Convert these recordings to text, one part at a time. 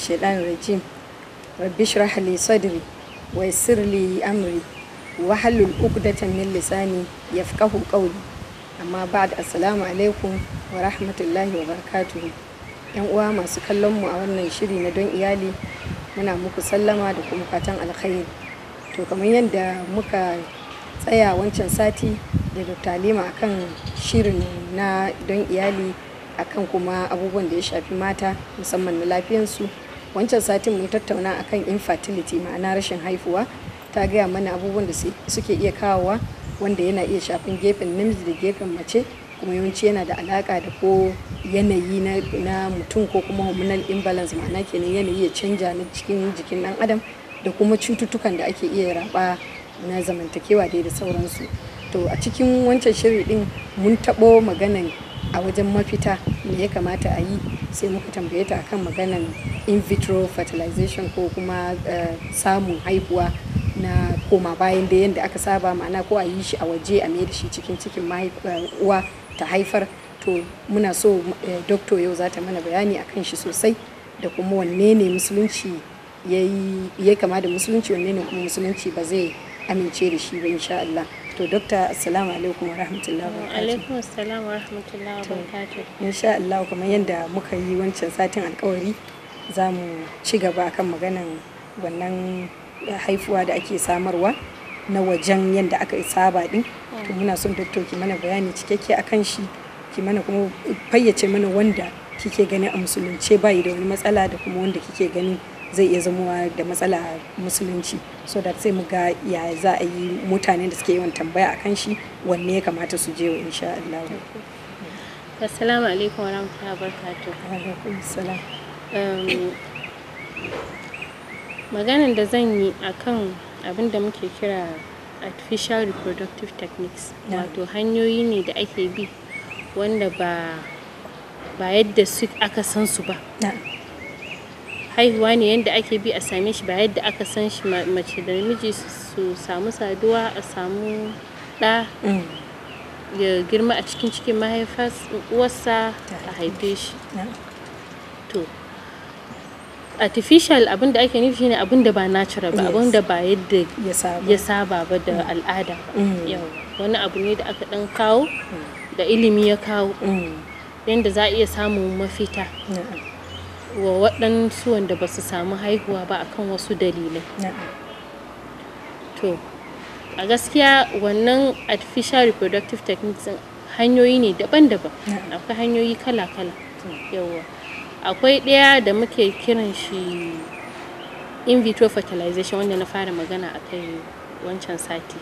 shaitan rajim rabbi shrah li sadri wa yassir li amri wa halul uqdatan min lisani yafqahu qawli amma ba'd assalamu alaikum wa rahmatullahi wa barakatuh yan uwa masu kallon mu a wannan shiri na don iyali muna muku sallama da kuma fatan alkhairi to kamar yadda muka tsaya wancan sati da Dr. a akan shirin na don iyali akan kuma abubuwan da ya shafi mata musamman na lafiyansu wancan satin mun tattauna akan infertility ma'ana rashin haifuwa ta gaya mana abubuwan da suke iya kawowa wanda yana iya shafin gefen namiji da gefen mace kuma yawanci yana da alaka da ko yanayi na, mutum ko kuma hormonal imbalance ma'ana kenan yanayi ya canja na cikin jikin dan adam da kuma cututtukan da ake iya raba na zamantakewa dai da sauransu to a cikin wancan shiri din mun taɓo maganan a wajen mafita me ya kamata a yi sai muka tambaye ta akan maganan in vitro fertilization ko kuma eh, samun haihuwa na koma bayan da yadda aka saba ma'ana ko a yi shi a waje a mai da shi cikin cikin eh, uwa ta haifar to muna so eh, doctor yau za ta mana bayani akan shi sosai da kuma wanne ne musulunci ya kama da musulunci wanne ne kuma musulunci ba zai amince da shi ba insha Allah. to dokta assalamu alaikum warahmatullahi wabarakatuh alaikum wa wa insha Allah kamar yadda muka yi wancan satin alkawari za mu ci gaba kan maganan wannan haifuwa da ake samarwa na wajen yadda aka saba din to muna son doktor ki mana bayani cikakke akan shi ki mana kuma fayyace mana wanda kike gani a musulunce bayi da wani matsala da kuma wanda kike gani zai iya zama da matsala musulunci so that sai mu ga ya za a yi mutane da suke yawan tambaya akan shi wanne ya kamata su je wa insha Allah assalamu alaikum wa rahmatullahi wa barakatuh salam um, maganan da zan yi akan abin da muke kira artificial reproductive techniques wato hanyoyi ne da ake bi wanda ba ba yadda aka san su ba haihuwa ne yadda ake bi a same shi ba yadda aka san shi mace da namiji su samu saduwa a samu ɗa mm. ya girma a cikin cikin mahaifas uwarsa a haife shi to artificial abin da ake nufi ne abin da ba natural ba abin da ba yadda ya saba ba da mm. al'ada mm. wani abu ne da aka dan kawo da ilimi ya kawo yadda za a iya samun mafita wa waɗansu wanda ba su samu haihuwa ba akan wasu dalilai to a gaskiya wannan artificial reproductive techniques hanyoyi ne daban-daban akwai hanyoyi kala-kala yawa akwai ɗaya da muke kiran shi in vitro fertilization wanda na fara magana a kai wancan sati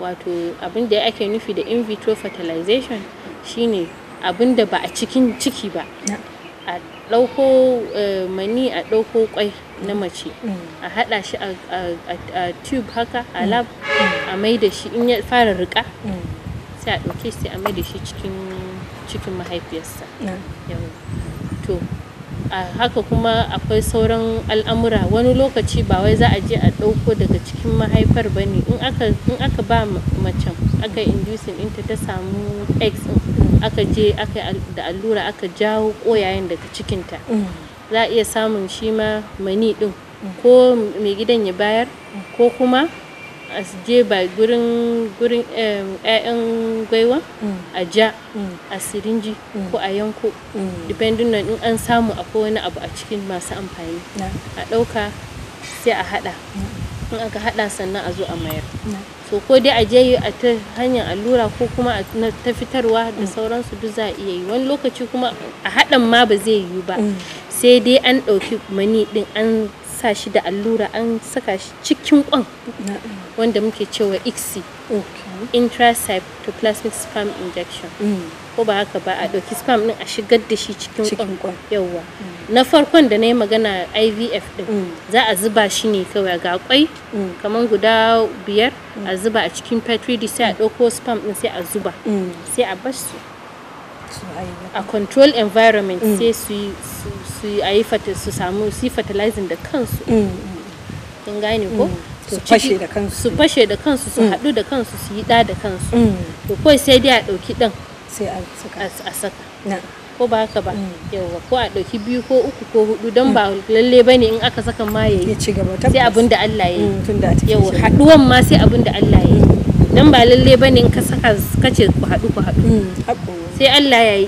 wato abin da ake nufi da in vitro fertilization mm. shine abin da ba a cikin ciki ba ɗauko eh, mani a ɗauko kwai na mace mm. a haɗa shi a tube haka a mm. lab mm. a mai da shi in ya fara rika sai a ɗauke sai a mai da shi cikin mahaifiyarsa to haka kuma akwai sauran al'amura wani lokaci ba wai za a je a ɗauko daga cikin mahaifar ba ne in aka ba macen aka yi inducing ta samu x aka je aka da allura aka jawo koyayen daga cikinta za a iya samun shi ma mani ɗin ko mai gidan ya bayar ko kuma a je ba gurin gurin 'ya'yan gwaiwa mm. a ja mm. a sirinji mm. ko a yanko depending on in an samu akwai wani abu a cikin masu amfani a ɗauka sai a haɗa in aka haɗa sannan a zo a mayar so ko dai a je a ta hanyar allura ko kuma a ta fitarwa da sauransu duk za a iya yi wani lokaci kuma a haɗan ma ba zai yiwu ba sai dai an ɗauki mani ɗin an sa shi da allura an saka shi cikin kwan wanda muke cewa ixi intracytoplasmic sperm injection mm. ko ba haka ba a ɗauki sperm din a shigar da shi cikin kwan yawwa mm. na farkon da na yi magana ivf din mm. za a zuba shi ne kawai ga kwai kamar guda biyar a zuba a cikin petri dish sai a ɗauko sperm din sai a zuba sai a bar su a control environment mm. sai su yi su samu su yi fertilizing da kansu mm, mm. kin gane ko su fashe da kansu su haɗu da kansu su yi ɗa da kansu to kawai sai dai a ɗauki ɗan sai a saka ko ba haka ba yawa ko a ɗauki biyu ko uku ko hudu don ba lalle bane in aka saka ma yayi sai abin da Allah ya yi yawa haɗuwan ma sai abin da Allah ya yi dan ba lalle bane ne ka saka kace ku haɗu ku haɗu mm, sai Allah ya yi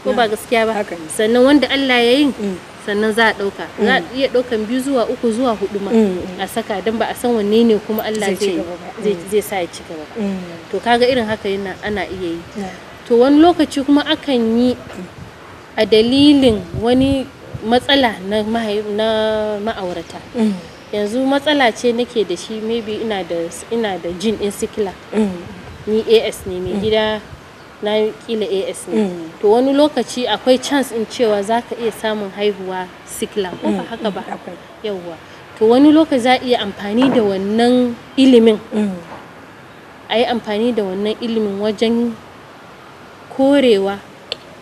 ko ba gaskiya ba sannan wanda Allah ya yi mm. sannan za a ɗauka mm. za a iya ɗaukan biyu zuwa uku zuwa hudu ma a saka don ba a san wanne ne kuma Allah zai sa ya ci gaba to kaga irin haka yana ana iya yi to wani lokaci kuma akan yi a dalilin wani matsala na ma'aurata yanzu matsala ce nake da shi maybe ina da ina da jin in sikila mm. ni as ne mai mm. gida na kila as ne mm. to wani lokaci akwai chance in cewa za ka iya samun haihuwa sikila ko ba haka ba yauwa to wani lokaci za a iya amfani da wannan ilimin a yi amfani da wannan ilimin wajen korewa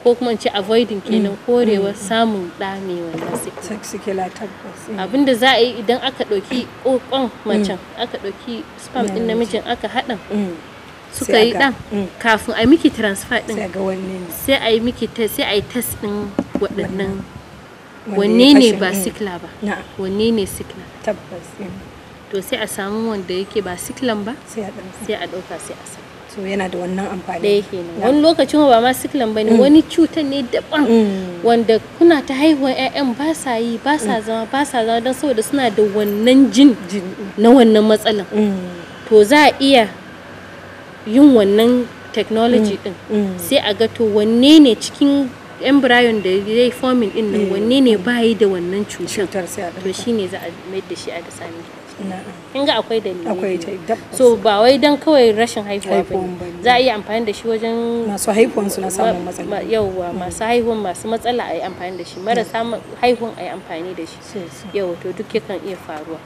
ko kuma ce avoiding kenan mm. korewa mm. samun ɗa mai wannan sikila eh. abinda za a yi idan aka ɗauki kokon mm. macen aka ɗauki spam ɗin namijin aka haɗa suka yi ɗan kafin a miki transfer ɗin sai a yi miki sai a yi test ɗin waɗannan wanne ne ba sikla ba wanne ne sikla tabbas eh. to sai a samu wanda yake ba siklan ba sai a ɗauka sai a saka so yana da wannan amfani kenan wani lokacin ba ma siklan bane mm. wani cutan ne daban mm. wanda kuna ta haihuwar ɗan ba sa yi ba sa mm. zama ba sa zama don saboda suna da wannan jin na wannan matsalan to za a iya yin wannan technology din sai a ga to wanne ne cikin embryon da zai forming din nan wanne ne bayi da wannan cutar to shine za a mayar da shi a da sami in ga akwai dalili akwai so ba wai dan kawai rashin haihuwa ba za a yi amfani da shi wajen masu haihuwan su na samun matsala yauwa masu haihuwan masu matsala a yi amfani da shi marasa haihuwan a yi amfani da shi yau to duk kan iya faruwa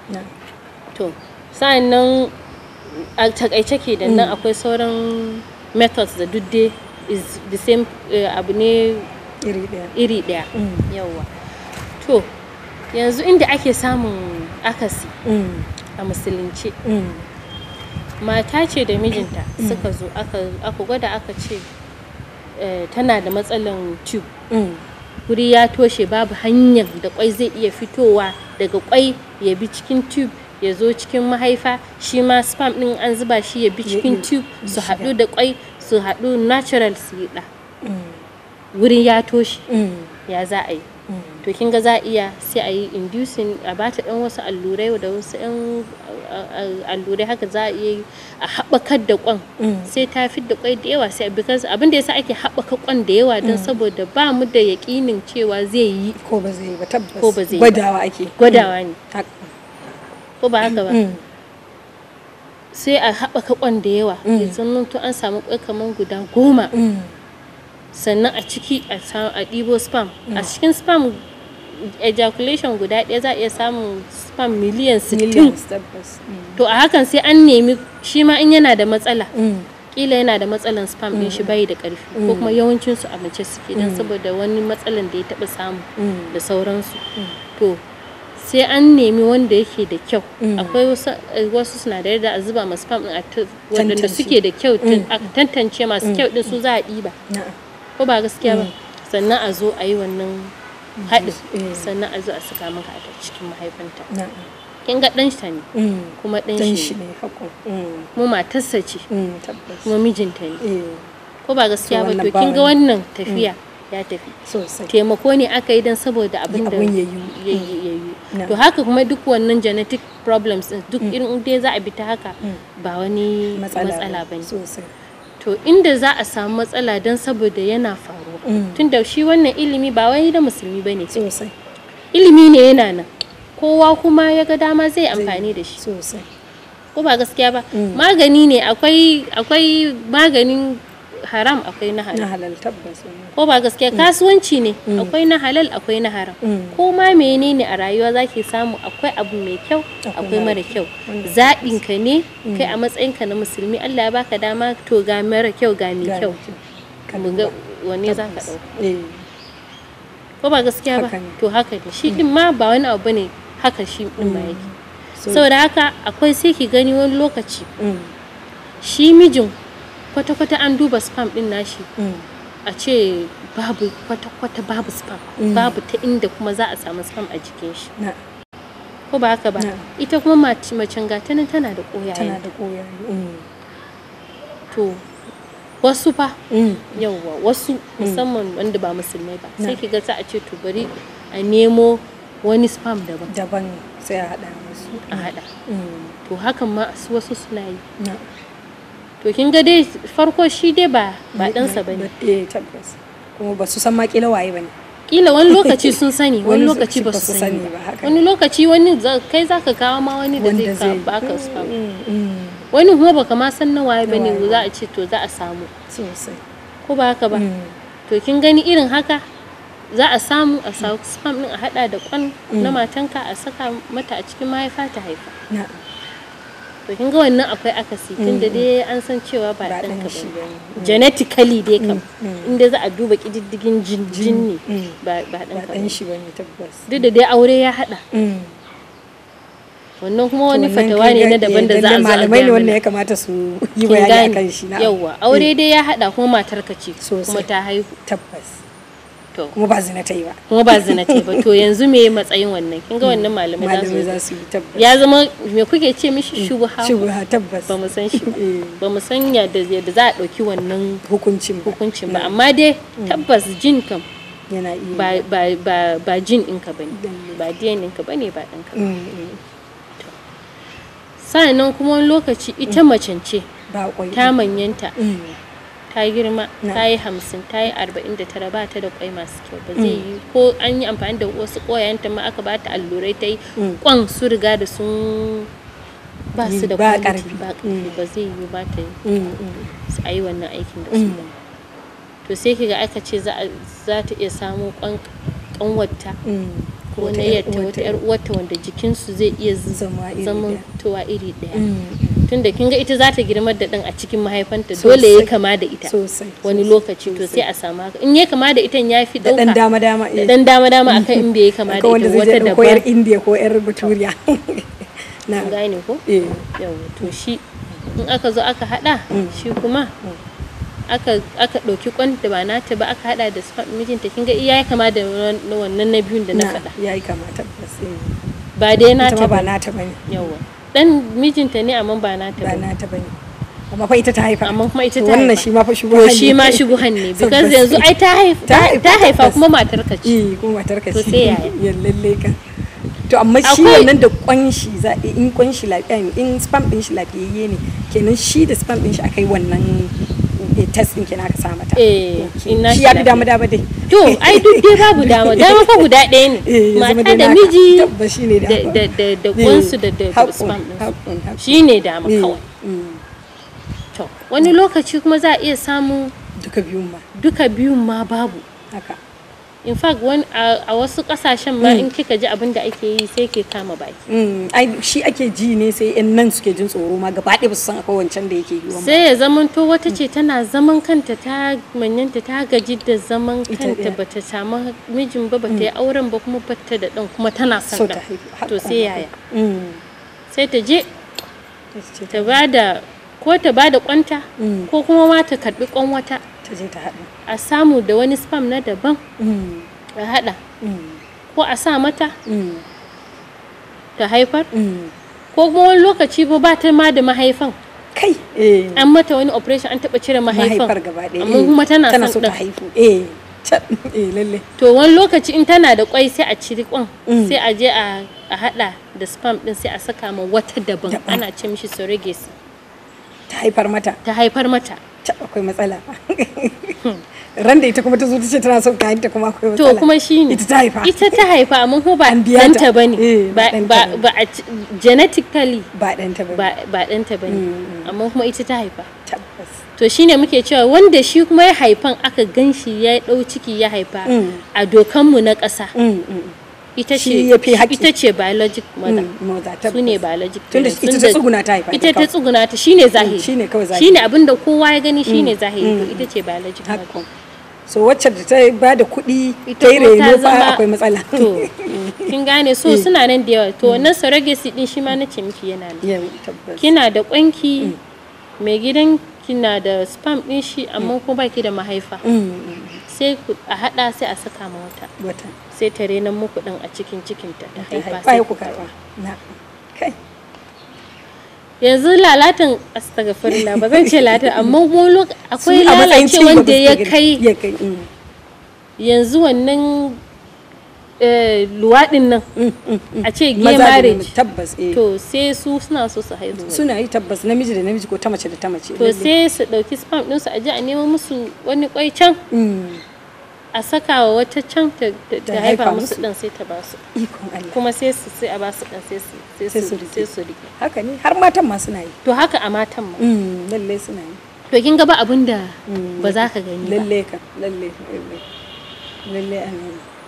to sa'an nan a takaice ke da nan mm. akwai sauran methods da duk dai is the same eh, abu ne iri daya mm. yauwa to yanzu inda ake samun akasi mm. a musulunce mm. mata ce da mijinta mm. suka zo aka gwada aka ce eh, tana da matsalan tube guri ya toshe babu hanyar da kwai zai iya fitowa daga kwai ya bi cikin tube ya zo cikin mahaifa shi ma spam din an zuba shi ya bi cikin tube su haɗu da kwai su haɗu natural su yi ɗa wurin ya toshe ya za a yi to kin ga za iya sai a yi inducing a bata dan wasu allurai da wasu yan allurai haka za a iya a haɓakar da kwan mm. sai ta fi da kwai da yawa sai because abin da yasa ake haɓaka kwan da yawa don mm. saboda ba mu da yaƙinin cewa zai yi ko ba zai ba tabbas ko ba zai gwadawa ake mm. gwadawa ne ko ba haka ba sai a haɓaka kwan da yawa yanzu to an samu kwai kamar guda goma sannan a ciki a ɗibo spam a cikin spam ejaculation guda ɗaya za a iya samun sperm miliyan 60 mm. to a hakan sai an nemi shi ma in yana da matsala kila mm. yana da matsalan spam din shi mm. bai da karfi ko kuma yawancin su a mace suke dan saboda wani matsalan da ya taba samu da sauransu to sai an nemi wanda yake da kyau akwai eh, wasu sinadarai da a zuba ma spam din wadanda suke da kyau a tantance masu kyau din su za a ɗiba ko ba gaskiya ba sannan a zo a yi wannan haɗin mm. eh. sannan a zo a saka maka a cikin mahaifinta kin ga ɗan ta ne mm. kuma ɗan shi ne mm. mu matarsa ce kuma mijinta ne eh. ko ba gaskiya ba to kin ga wannan tafiya ya tafi taimako ne aka yi don saboda abin da ya yi to haka kuma duk wannan genetic problems duk irin dai za a bi ta haka ba wani matsala ba ne to inda za a samu matsala don saboda yana faru Mm. tunda shi wannan ilimi ba wai da musulmi ba ne. ilimi ne yana nan kowa kuma ya ga dama zai amfani da shi ko ba gaskiya ba mm. magani ne akwai maganin haram akwai na halal. Eh. Ko ba gaskiya mm. kasuwanci ne akwai na halal akwai na haram. Ko ma menene a rayuwa zaki samu akwai abu mai kyau akwai mara kyau. Zaɓinka ka ne kai a matsayinka na musulmi Allah ya baka dama to ga mara kyau ga mai kyau. wanne za ka eh. ko ba gaskiya ba to haka ne shi din ma ba wani abu ne haka shi din ma yake mm. saboda haka akwai sai ki gani wani lokaci mm. shi mijin kwata-kwata an duba spam din nashi mm. a ce babu kwata-kwata babu spam babu ta inda kuma za a samu spam a jikin shi ko ba haka ba ita kuma macen gatanin tana da koyaye to wasu fa mm. yawwa wasu mm. musamman wanda ba musulmai ba sai ki ga a ce to bari a nemo wani spam daban daban sai a hada musu a hada mm. to hakan ma su wasu suna yi to kin ga dai farko shi dai ba ba dansa bane eh tabbas kuma ba su san ma kila waye bane kila wani lokaci sun sani wani lokaci ba su sani ba wani lokaci wani kai zaka kawo ma wani da zai ka baka spam wani kuma baka ma san na ba bane za a ce to za a samu ko ba haka ba mm. to kin gani irin haka za a samu a sa spam din a hada da kwan na mm. matanka a saka mata a cikin mahaifa ta haifa to kin ga wannan akwai akasi tunda mm. dai an san cewa ba dan ka ba genetically dai kam inda za a duba kididdigin jin ne ba dan ka bane tabbas duk da dai aure ya hada wannan kuma wani fatawa ne na daban da eh, za a malamai ne wanda ya kamata su yi bayani kan shi na yawa aure eh. dai ya hada kuma matar ka ce kuma ta haihu tabbas to kuma ba zina ta yi ba kuma ba zina ta yi ba to yanzu me matsayin wannan kin ga wannan malamai za su yi tabbas ya zama me kuke ce mishi mm. shubha shubha tabbas ba mu san shi ba eh. mu san yadda yadda za a dauki wannan hukuncin hukuncin ba mm. amma dai mm. tabbas jin kam yana iya ba ba ba jin ɗinka ne ba DNA ɗinka ne ba ɗinka nan kuma wani lokaci ita mm. macen ce ta manyanta mm. ta girma ta yi hamsin ta yi arba'in da tara ba ta da kwai masu kyau ba zai mm. yi ko an yi amfani da wasu kwayanta ma aka ba ta allurai ta yi kwan su riga da sun ba su da ba karfi ba zai yi ba ta yi su a yi wannan aikin da su ba to sai kiga aka ce za ta iya samo kwan kanwarta ko na yadda wata yar uwarta wanda jikinsu zai iya zama towa iri daya mm, mm. tunda kin ga ita za ta girma da dan a cikin mahaifanta dole ya kama da ita wani lokaci to sai a samu haka in ya kama da ita ya fi dauka dan dama dama eh dan dama dama akan in bai kama da ita wata da ko yar indiya ko yar baturiya na gane ko eh to shi in aka zo aka hada mm. shi kuma aka aka ɗauki kwan da ba nata ba aka hada da mijinta kin ga iya ya kama da wannan na biyun da na faɗa ya yi kama tabbas eh. ba dai nata ba nata ne yawa dan mijinta ne amma ba nata ba nata bane amma fa ita ta haifa amma kuma ita ta haifa wannan shi ma fa shubuhan ne shi ma shubuhan ne because yanzu ai ta haifa ta haifa kuma matar ka ce eh kuma matar ka ce to sai lalle ka to amma shi wannan da kwanshi za in kwanshi lafiya in spam din shi lafiyayye ne kenan shi da spam din shi akai wannan eh test din kina ka sa mata eh shi ya fi dama dama dai to ai duk dai babu dama dama fa guda ɗaya ne eh, mata da miji da da da kunsu eh, da da sperm din dama eh, kawai mm. to wani lokaci kuma za a iya samu duka biyun ma duka biyun ma babu haka in fact when uh, a wasu kasashen ma hmm. in kika ji abin da ake yi sai ke kama baki hmm. ai shi ake ji ne sai yan nan suke jin tsoro ma gaba ɗaya su san akwai wancan da yake yi sai ya zaman to wata hmm. ce tana zaman kanta ta manyanta ta gaji da zaman kanta bata samu mijin ba bata yi auren ba kuma bata da dan kuma tana son da to sai yaya sai ta je ta bada ko ta bada kwanta ko kuma ma ta karbi kwan wata ta je ta haɗa a samu da wani spam na daban mm. a haɗa mm. ko a sa mata mm. ta haifar ko kuma wani lokaci ba ta ma da mahaifan kai eh. an mata wani operation an taɓa cire mahaifan amma kuma eh. tana son ta haifu eh. to wani lokaci in tana da kwai sai a cire kwan sai a je a haɗa da spam ɗin sai a saka ma wata daban ana ce mishi surrogacy ta haifar mata ta haifar mata ta akwai matsala ran da ita kuma ta zo ta ce tana son kayan ta kuma akwai matsala to kuma shine ita ta haifa ita ta haifa amma ko ba dan ta bane eh, ba ba genetically ba dan ta bane ba dan ta bane mm, mm. amma kuma ita ta haifa to shine muke cewa wanda shi kuma ya haifan aka ganshi ya dau ciki ya haifa mm. a dokanmu na ƙasa ita ce ita ce biologic mm, mother su ne biologic tunda ita ta tsuguna ta haifa ita ta tsuguna ta shine mm, zahiri shine kawai zahiri shine abinda kowa ya gani shine mm, zahiri to ita ce biologic mother so wacce da ta ba da kuɗi ta yi reno fa akwai matsala to kin gane so suna nan da yawa to wannan surrogacy din shi ma na miki yana nan kina da kwanki mai gidan kina da spam din shi amma ko baki da mahaifa sai a hada sai a saka ma wata sai ta renan muku din a cikin cikinta ta haifa sai ku karba yanzu lalatin astagfirullah ba zan ce lalatin amma wani akwai lalace wanda ya kai mm. yanzu wannan eh, luwaɗin nan mm, mm, a ce gay marriage tabbas eh to sai su suna so su haihu suna yi tabbas namiji da namiji ko ta mace da ta mace to sai su dauki sperm din su aje a nemo musu wani kwai can a saka wa wata can ta haifa musu dan sai ta basu ikon Allah kuma sai su sai a basu dan sai su sai su sai su rike haka ne har matan ma suna yi to haka a matan ma mm, lalle suna yi to kin ga ba abin da mm. ba za ka gani ba lalle ka lalle lalle lalle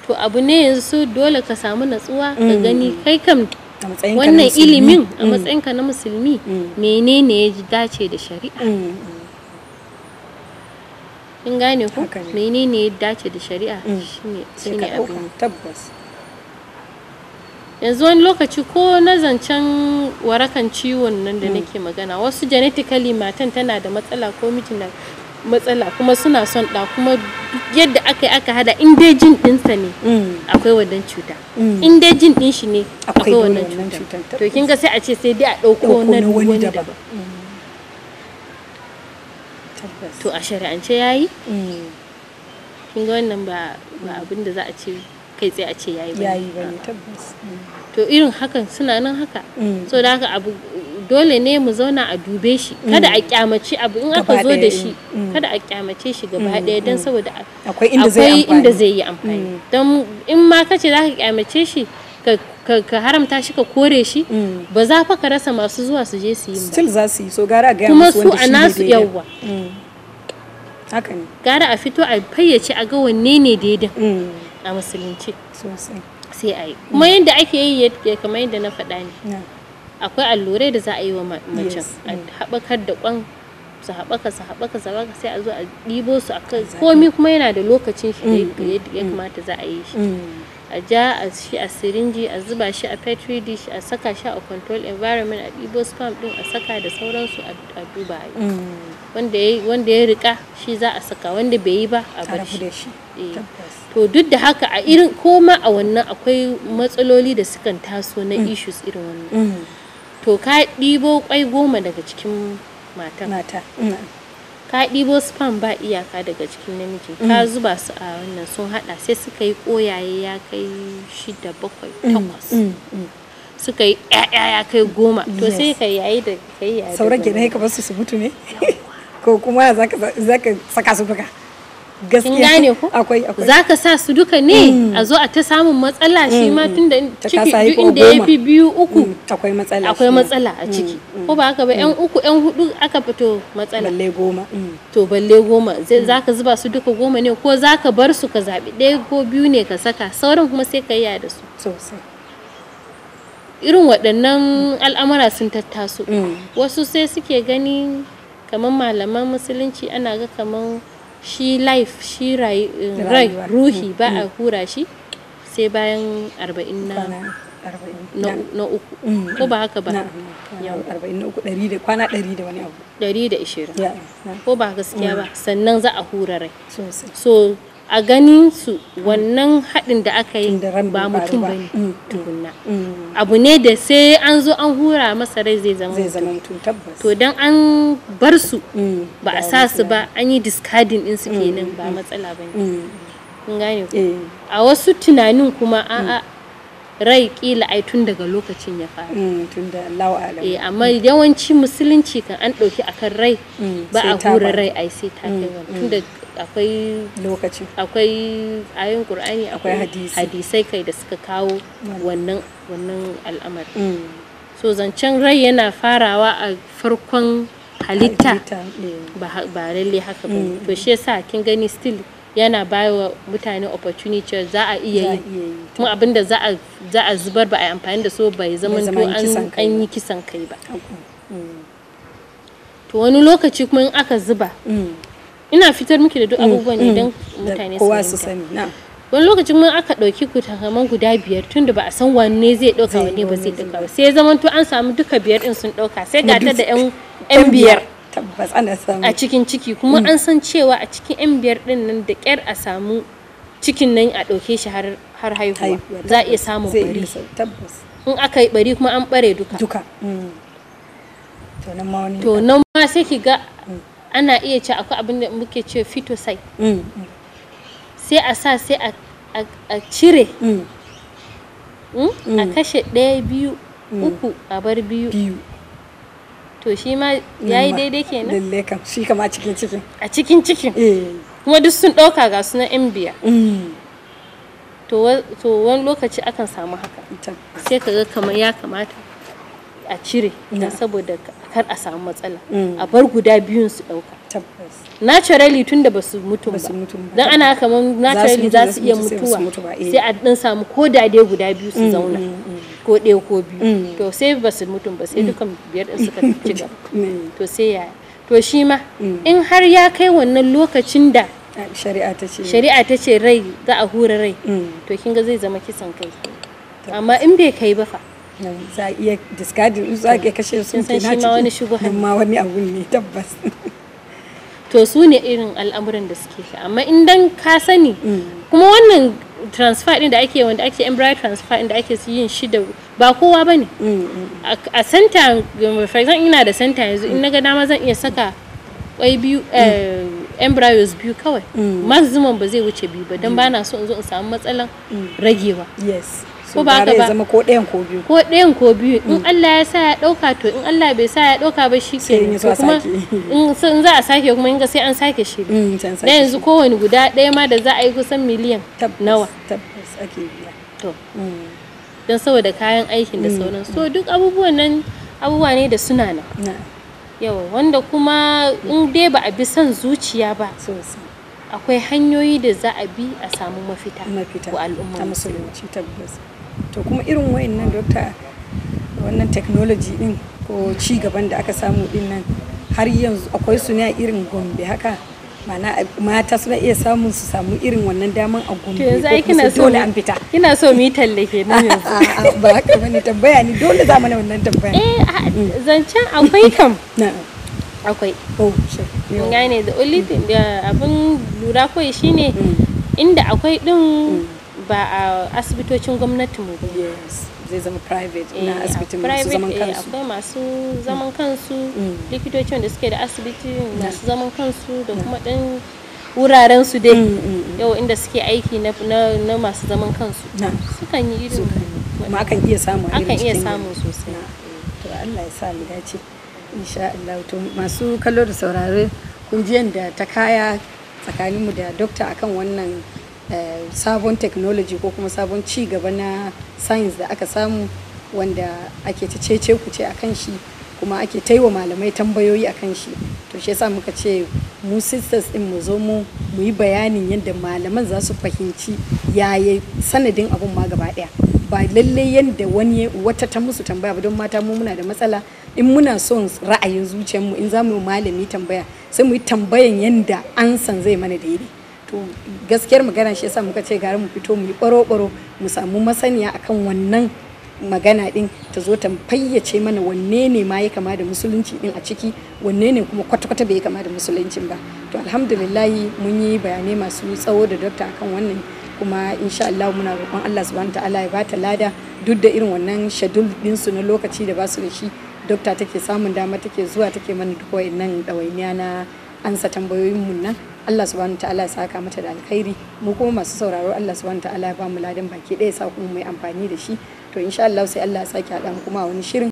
to abu ne yanzu dole ka samu natsuwa ka mm. gani kai kam wannan ilimin a matsayinka na musulmi menene ya dace da shari'a in gane ku menene ya dace da shari'a mm. shine abin tabbas yanzu wani lokaci ko na zancen warakan ciwon nan da mm. nake magana wasu genetically matan tana da matsala ko mijin na matsala kuma suna son da kuma yadda aka yi aka hada in dai jin ɗinsa ne mm. akwai wannan cuta in dai jin ɗin shi ne akwai wannan cuta to kin ga sai a ce sai dai a ɗauko na wani daban to a shari'ance yi eh. kin ga wannan ba abin da za a ce kai tsaye a ce ya ba ba tabbas mm. to irin hakan suna nan haka mm. so da haka abu dole ne mu zauna a dube shi mm. kada a kyamace abu in aka zo da shi kada a kyamace shi gaba daya don saboda akwai inda zai yi amfani don in ma kace za ka kyamace shi ka ka haramta shi ka kore shi mm. ba za fa ka rasa masu zuwa su je su yi ba still za su yi so gara a gaya musu wanda shi ne kuma su a nasu yawa mm. haka ne gara a fito a fayyace a ga wanne ne daidai mm. a musulunci sosai sai a yi kuma yadda ake yi kamar yadda na faɗa ne akwai allurai da za a yi wa macen a haɓakar da kwan su haɓaka su haɓaka su haɓaka sai a zo a ɗibo su a komi kuma yana da lokacin shi ya kamata za a yi shi a ja a shi a sirinji a zuba shi a petri dish a saka shi a control environment a ɗibo spam ɗin a saka da sauransu a duba mm. wanda ya rika shi za a saka wanda bai yi ba a bar shi eh. to duk da haka a irin koma a wannan akwai matsaloli da sukan taso na mm. issues irin wannan mm. to ka ɗibo kwai goma daga cikin mata ka ɗibo sperm ba iyaka daga cikin namiji mm. ka zuba su a wannan sun hada sai suka yi koyaye ya kai shida bakwai mm, takwas mm, suka yi ya ya kai goma to sai ka yayi da kai yayi sauran kenan ka bar su su mutu ne ko kuma za ka saka su fuka gaskiya akwai akwai za ka sa su duka ne mm. a zo a ta samun matsala mm, shi ma mm. tun da ciki duk inda ya fi biyu uku akwai matsala akwai matsala a ciki ko ba haka ba yan uku yan hudu aka fito matsala balle goma to balle goma za ka zuba su duka goma ne ko za ka bar su ka zaɓi ɗaya ko biyu ne ka saka sauran kuma sai ka yi da su irin waɗannan al'amura sun tattaso wasu sai suke gani kamar malaman musulunci ana ga kamar shi life shi eh, rai ruhi mm. ba a mm. hura shi sai bayan arba'in na na uku mm. ko ba haka ba arba'in na uku ɗari da kwana ɗari da wani abu ɗari da ishirin ko ba gaskiya ba sannan za a hura rai so a ganin su wannan haɗin da aka yi ba mutum ba ne tukunna abu ne da sai an zo an hura masa rai zai zama zai to dan an bar su mm, ba a sa su ba an yi discarding din su mm, kenan ba mm, matsala ba ne gane ku eh. a wasu tunanin kuma a'a rai kila ai tun daga lokacin ya fara tun da lawa alam eh amma yawanci musulunci kan an dauki akan rai ba a hura rai ai sai ta kai tun da akwai lokaci akwai ayin qur'ani akwai hadisai kai da suka kawo mm. wannan wannan al'amari mm. so zancen rai yana farawa a farkon halitta eh. ba lalle haka ba mm. to shi yasa kin gani still yana bawa mutane opportunity za a iya yi kuma abinda za a zubar ba a amfani da so bai zama an yi kisan kai ba to wani lokaci kuma in aka zuba ina fitar miki da duk mm, abubuwan mm. ne don mutane su kowa su sani na wani lokacin mun aka ɗauki kutaman guda biyar tunda ba a san wanne zai ɗauka wanne ba zai ɗauka ba sai zaman to an samu duka biyar ɗin sun ɗauka sai ga ta da yan biyar tabbas ana samu a cikin ciki kuma mm. an san cewa a cikin yan biyar ɗin nan da ƙyar a samu cikin nan a ɗauke shi har haihuwa za a iya samun bari in aka yi bari kuma an ɓare duka duka to nan ma sai ki ga ana iya ce akwai abin da muke ce phytocyte mm. sai a sa sai a cire mm. Mm? a kashe ɗaya biyu uku a bar biyu to shi ma ya yi daidai kenan lalle kam shi kama a cikin cikin a cikin cikin eh. kuma duk sun ɗauka ga su na yan biya to wani lokaci akan samu haka sai ka ga kamar ya kamata a cire mm. don saboda kar a samu matsala mm. a bar guda biyun su dauka naturally tun da basu mutu ba don ana kamar naturally za su iya mutuwa sai a dan samu ko da dai guda biyu su mm, zauna ko ɗaya ko biyu to sai su mutu ba sai dukan biyar din suka ci gaba to sai ya to shi ma in har ya kai wannan lokacin da shari'a ta ce shari'a ta ce rai za a hura rai to kinga zai zama kisan kai amma in bai kai ba fa za a iya discarding za a kashe su ke na ciki ma wani abu ne tabbas to su ne irin al'amuran da suke amma idan ka sani mm. kuma wannan transfer din da ake wanda ake embryo transfer din da ake yin shi da ba kowa bane mm, mm. a center for example ina da center yanzu in naga dama zan iya saka kwai biyu eh, embryos biyu kawai maximum ba zai wuce biyu ba don ba na so in zo in samu matsalan ragewa yes ko ba haka ba zama ko ɗayan ko biyu ko ɗayan ko biyu in mm. Allah ya sa ya ɗauka to in Allah bai sa ya ɗauka ba shi ke kuma in za a sake kuma in ga sai an sake shi da mm, yanzu kowane guda ɗaya ma da za a yi kusan miliyan nawa tabbas ake biya to mm. don saboda kayan aikin da sauran so duk abubuwan nan abubuwa ne da suna nan yawa wanda kuma in dai ba a bi son zuciya ba akwai hanyoyi da za a bi a samu mafita wa al'umma musulunci tabbas to kuma irin wayannan dokta wannan technology din ko ci gaban da aka samu din nan har yanzu akwai su ne a irin gombe haka mana mata suna iya samun su samu irin wannan daman a gombe to yanzu ai kina so dole an fita kina so mu yi talle yanzu ba haka bane tambaya ni dole za mu na wannan tambaya eh mm. zancen akwai kam akwai oh sure ne da only abin lura kawai shine mm. inda akwai din mm. ba a asibitocin gwamnati mu ba zai zama private na eh, asibitin masu zaman eh, kansu akwai masu zaman mm. kansu mm. likitocin da suke da asibiti masu zaman kansu da kuma dan wuraren su dai mm, yau inda suke aiki na masu zaman kansu sukan yi irin kuma akan iya samu akan iya samu sosai to Allah ya sa mu dace insha Allah to masu kallo da saurare kun ji yanda ta kaya tsakaninmu da dokta akan wannan Eh, sabon technology ko kuma sabon ci gaba na science da aka samu wanda ake ta cece ku ce akan shi kuma ake ta wa malamai tambayoyi akan shi to shi yasa muka ce mu sisters din mu zo mu yi bayanin yadda malaman za su fahimci yaye sanadin abun ma gaba daya ba lallai yadda wani wata ta musu tambaya ba don mata mu muna da matsala in muna son ra'ayin zuciyarmu in za mu malami tambaya sai mu yi tambayan yadda ansan zai mana daidai to gaskiyar magana shi yasa muka ce gara mu fito mu yi baro-baro mu samu masaniya akan wannan magana din ta zo ta fayyace mana wanne ne ma ya kama da musulunci din a ciki wanne ne kuma kwata-kwata bai kama da musulunci ba to alhamdulillahi mun yi bayanai masu tsawo da dokta akan wannan kuma insha Allah muna roƙon Allah subhanahu ta'ala ya bata lada duk da irin wannan shadul din su na lokaci da ba su da shi dokta take samun dama take zuwa take mana duk wayannan dawainiya na ansa tambayoyin mun nan Allah subhanahu ta'ala ya saka mata da alkhairi mu kuma masu sauraro Allah subhanahu ta'ala ya ba mu ladan baki ɗaya sa kuma mu yi amfani da shi to insha Allah sai Allah ya sake haɗa mu kuma wani shirin